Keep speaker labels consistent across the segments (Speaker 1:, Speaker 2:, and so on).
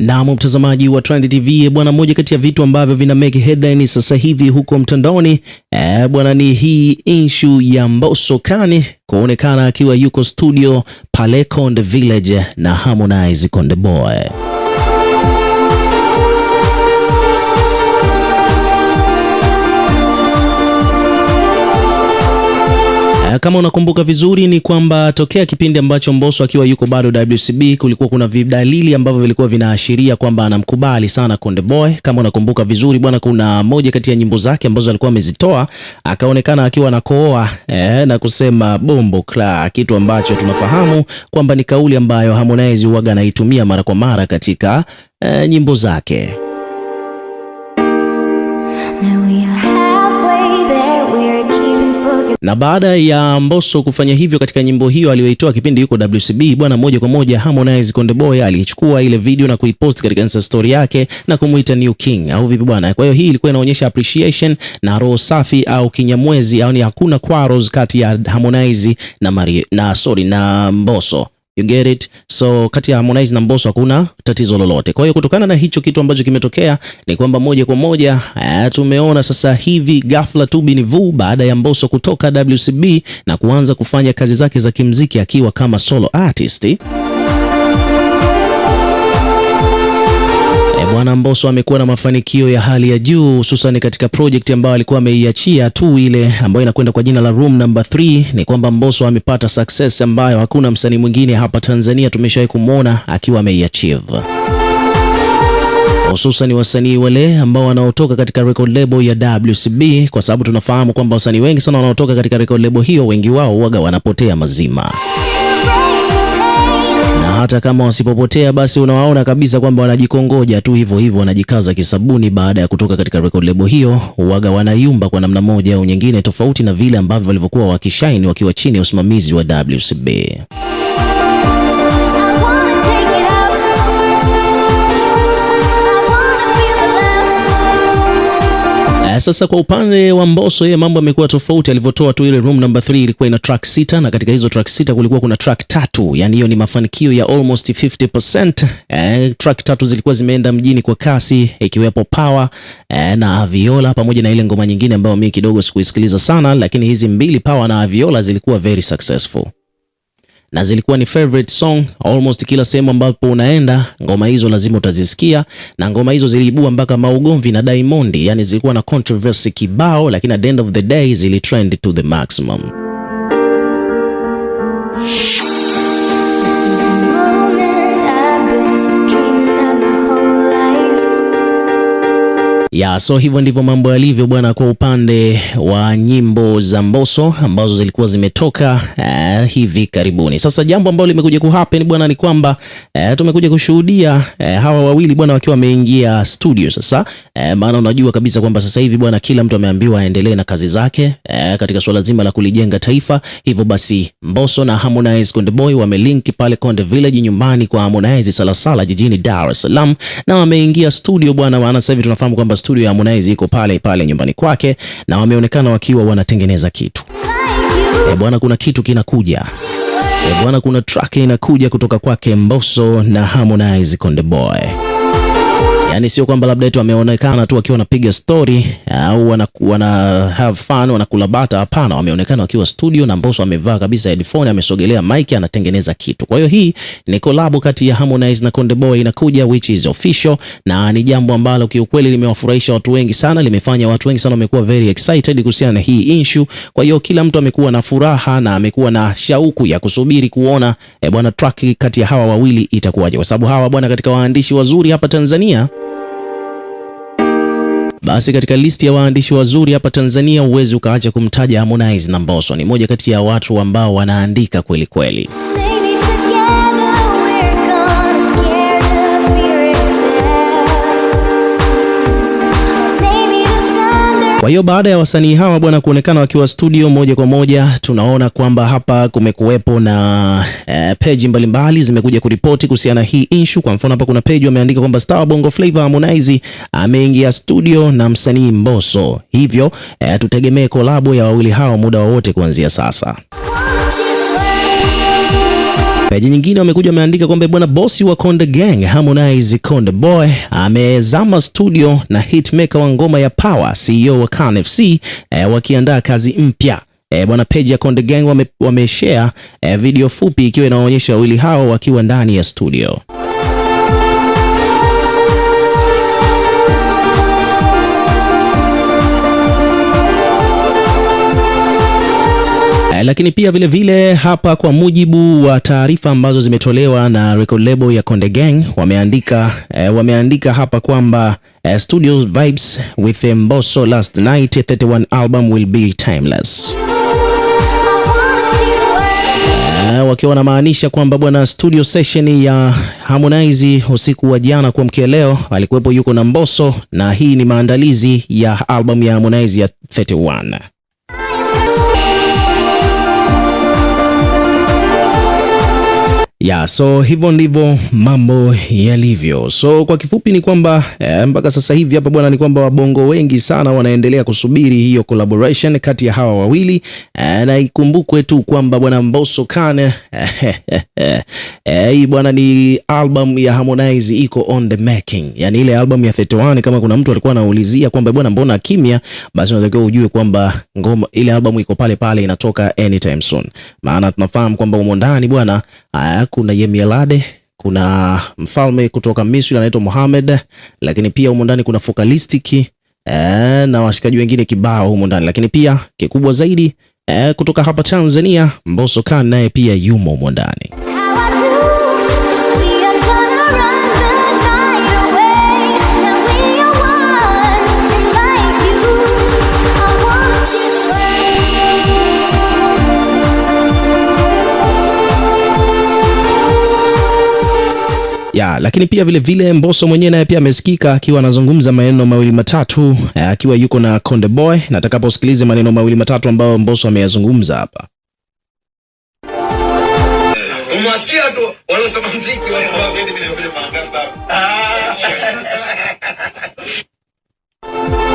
Speaker 1: Na mtazamaji wa Trend TV e bwana, moja kati ya vitu ambavyo vina make headline sasa hivi huko mtandaoni e, bwana ni hii issue ya Mbosso Kani kuonekana akiwa yuko studio pale Konde Village na Harmonize Konde Boy. Kama unakumbuka vizuri, ni kwamba tokea kipindi ambacho Mbosso akiwa yuko bado WCB, kulikuwa kuna vidalili ambavyo vilikuwa vinaashiria kwamba anamkubali sana Konde Boy. Kama unakumbuka vizuri bwana, kuna moja kati ya nyimbo zake ambazo alikuwa amezitoa akaonekana akiwa nakooa eh, na kusema bombo kla, kitu ambacho tunafahamu kwamba ni kauli ambayo Harmonize huaga anaitumia mara kwa mara katika eh, nyimbo zake. Na baada ya Mbosso kufanya hivyo katika nyimbo hiyo aliyoitoa kipindi yuko WCB, bwana, moja kwa moja Harmonize Konde Boy alichukua ile video na kuipost katika Insta story yake na kumuita New King au vipi bwana. Kwa hiyo hii ilikuwa inaonyesha appreciation na roho safi au kinyamwezi au ni hakuna quarrels kati ya Harmonize na Mari, na sorry na Mbosso. You get it? So kati ya Harmonize na Mbosso hakuna tatizo lolote. Kwa hiyo kutokana na hicho kitu ambacho kimetokea ni kwamba moja kwa moja eh, tumeona sasa hivi ghafla tu binivu, baada ya Mbosso kutoka WCB na kuanza kufanya kazi zake za kimziki akiwa kama solo artist. Bwana Mbosso amekuwa na mafanikio ya hali ya juu, hususan katika project ambayo alikuwa ameiachia tu ile ambayo inakwenda kwa jina la Room Number 3. Ni kwamba Mbosso amepata success ambayo hakuna msanii mwingine hapa Tanzania tumeshawahi kumwona akiwa ameiachieve hususan wasanii wale ambao wanaotoka katika record label ya WCB, kwa sababu tunafahamu kwamba wasanii wengi sana wanaotoka katika record label hiyo, wengi wao huaga wanapotea mazima hata kama wasipopotea, basi unawaona kabisa kwamba wanajikongoja tu hivyo hivyo, wanajikaza kisabuni baada ya kutoka katika record label hiyo, waga wanayumba kwa namna moja au nyingine, tofauti na vile ambavyo walivyokuwa wakishaini wakiwa chini ya usimamizi wa WCB. Eh, sasa kwa upande wa Mbosso yeye mambo yamekuwa tofauti. Alivyotoa tu ile room number 3 ilikuwa ina track sita, na katika hizo track sita kulikuwa kuna track tatu, yani hiyo ni mafanikio ya almost 50%. Eh, track tatu zilikuwa zimeenda mjini kwa kasi, ikiwepo Power eh, na Aviola pamoja na ile ngoma nyingine ambayo mimi kidogo sikuisikiliza sana, lakini hizi mbili Power na Aviola zilikuwa very successful na zilikuwa ni favorite song almost kila sehemu ambapo unaenda, ngoma hizo lazima utazisikia, na ngoma hizo ziliibua mpaka maugomvi na Diamond, yani zilikuwa na controversy kibao, lakini at the end of the day zilitrend to the maximum. Ya, so hivyo ndivyo mambo yalivyo bwana, kwa upande wa nyimbo za Mbosso ambazo zilikuwa zimetoka eh, hivi karibuni. Sasa jambo ambalo limekuja ku happen bwana ni kwamba eh, tumekuja kushuhudia eh, hawa wawili bwana wakiwa wameingia studio sasa. eh, maana unajua kabisa kwamba sasa hivi bwana kila mtu ameambiwa aendelee na kazi zake eh, katika suala zima la kulijenga taifa. Hivyo basi Mbosso na Harmonize Konde Boy wamelink pale Konde Village nyumbani kwa Harmonize Salasala jijini Dar es Salaam, na wameingia studio bwana, maana sasa hivi tunafahamu kwamba studio ya Harmonize iko pale pale nyumbani kwake, na wameonekana wakiwa wanatengeneza kitu e bwana, kuna kitu kinakuja e bwana, kuna track inakuja kutoka kwake Mbosso na Harmonize Konde Boy yani sio kwamba labda eti wameonekana tu wakiwa wanapiga story au wana, wana have fun wanakula bata. Hapana, wameonekana wakiwa studio na Mbosso amevaa kabisa headphone, amesogelea mic, anatengeneza kitu. Kwa hiyo hii ni collab kati ya Harmonize na Konde Boy inakuja, which is official, na ni jambo ambalo kiukweli limewafurahisha watu wengi sana, limefanya watu wengi sana wamekuwa very excited kuhusiana na hii issue. Kwa hiyo kila mtu amekuwa na furaha na amekuwa na shauku ya kusubiri kuona e, bwana track kati ya hawa wawili itakuwaje, kwa sababu hawa bwana katika waandishi wazuri hapa Tanzania basi katika listi ya waandishi wazuri hapa Tanzania huwezi ukaacha kumtaja Harmonize na Mbosso. Ni moja kati ya watu ambao wanaandika kweli kweli. Kwa hiyo baada ya wasanii hawa bwana kuonekana wakiwa studio moja kwa moja, tunaona kwamba hapa kumekuwepo na e, peji mbalimbali zimekuja kuripoti kuhusiana hii issue. Kwa mfano hapa kuna peji wameandika kwamba Star Bongo Flava Harmonize ameingia studio na msanii Mbosso, hivyo e, tutegemee kolabo ya wawili hawa muda wowote kuanzia sasa. Peji nyingine wamekuja wameandika kwamba bwana bosi wa Konde Gang Harmonize Konde Boy amezama studio na hitmaker wa ngoma ya Power CEO wa Kan FC eh, wakiandaa kazi mpya. E, bwana peji ya Konde Gang wameshare wame e, video fupi ikiwa inaonyesha wawili hao wakiwa ndani ya studio. Lakini pia vile vile hapa, kwa mujibu wa taarifa ambazo zimetolewa na record label ya Konde Gang, wameandika eh, wameandika hapa kwamba eh, studio vibes with Mbosso last night 31 album will be timeless eh, wakiwa wanamaanisha kwamba bwana, studio session ya Harmonize usiku wa jana kuamkia leo alikuwepo yuko na Mbosso, na hii ni maandalizi ya albamu ya Harmonize ya 31. ya so hivyo ndivyo mambo yalivyo. So kwa kifupi ni kwamba eh, mpaka sasa hivi hapa bwana, ni kwamba wabongo wengi sana wanaendelea kusubiri hiyo collaboration kati ya hawa wawili eh, na ikumbukwe tu kwamba bwana Mbosso Khan eh, eh, eh, eh, bwana ni album ya Harmonize iko on the making, Yaani ile album ya 31 kama kuna mtu alikuwa anaulizia kwamba bwana mbona kimya, basi unatakiwa ujue kwamba ngoma ile album iko pale pale, inatoka anytime soon, maana tunafahamu kwamba umo ndani bwana Aya, kuna Yemi Alade, kuna mfalme kutoka Misri anaitwa Mohamed, lakini pia humo ndani kuna Focalistic eh, na washikaji wengine kibao humo ndani, lakini pia kikubwa zaidi e, kutoka hapa Tanzania Mbosso Khan naye pia yumo humo ndani. ya lakini pia vile vile Mbosso mwenyewe naye pia amesikika akiwa anazungumza maneno mawili matatu eh, akiwa yuko na Konde Boy. Nataka usikilize maneno mawili matatu ambayo Mbosso ameyazungumza hapa.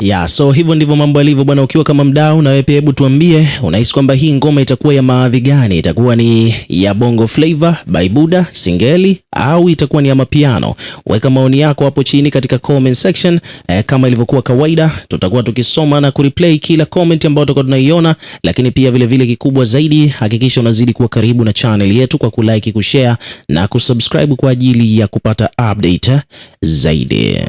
Speaker 1: ya so hivyo ndivyo mambo yalivyo bwana. Ukiwa kama mdau na wewe pia, hebu tuambie unahisi kwamba hii ngoma itakuwa ya maadhi gani? Itakuwa ni ya bongo flavor baibuda singeli au itakuwa ni ya mapiano? Weka maoni yako hapo chini katika comment section. Eh, kama ilivyokuwa kawaida, tutakuwa tukisoma na kureplay kila comment ambayo tutakuwa tunaiona, lakini pia vile vile kikubwa zaidi, hakikisha unazidi kuwa karibu na channel yetu kwa kulike, kushare na kusubscribe kwa ajili ya kupata update zaidi.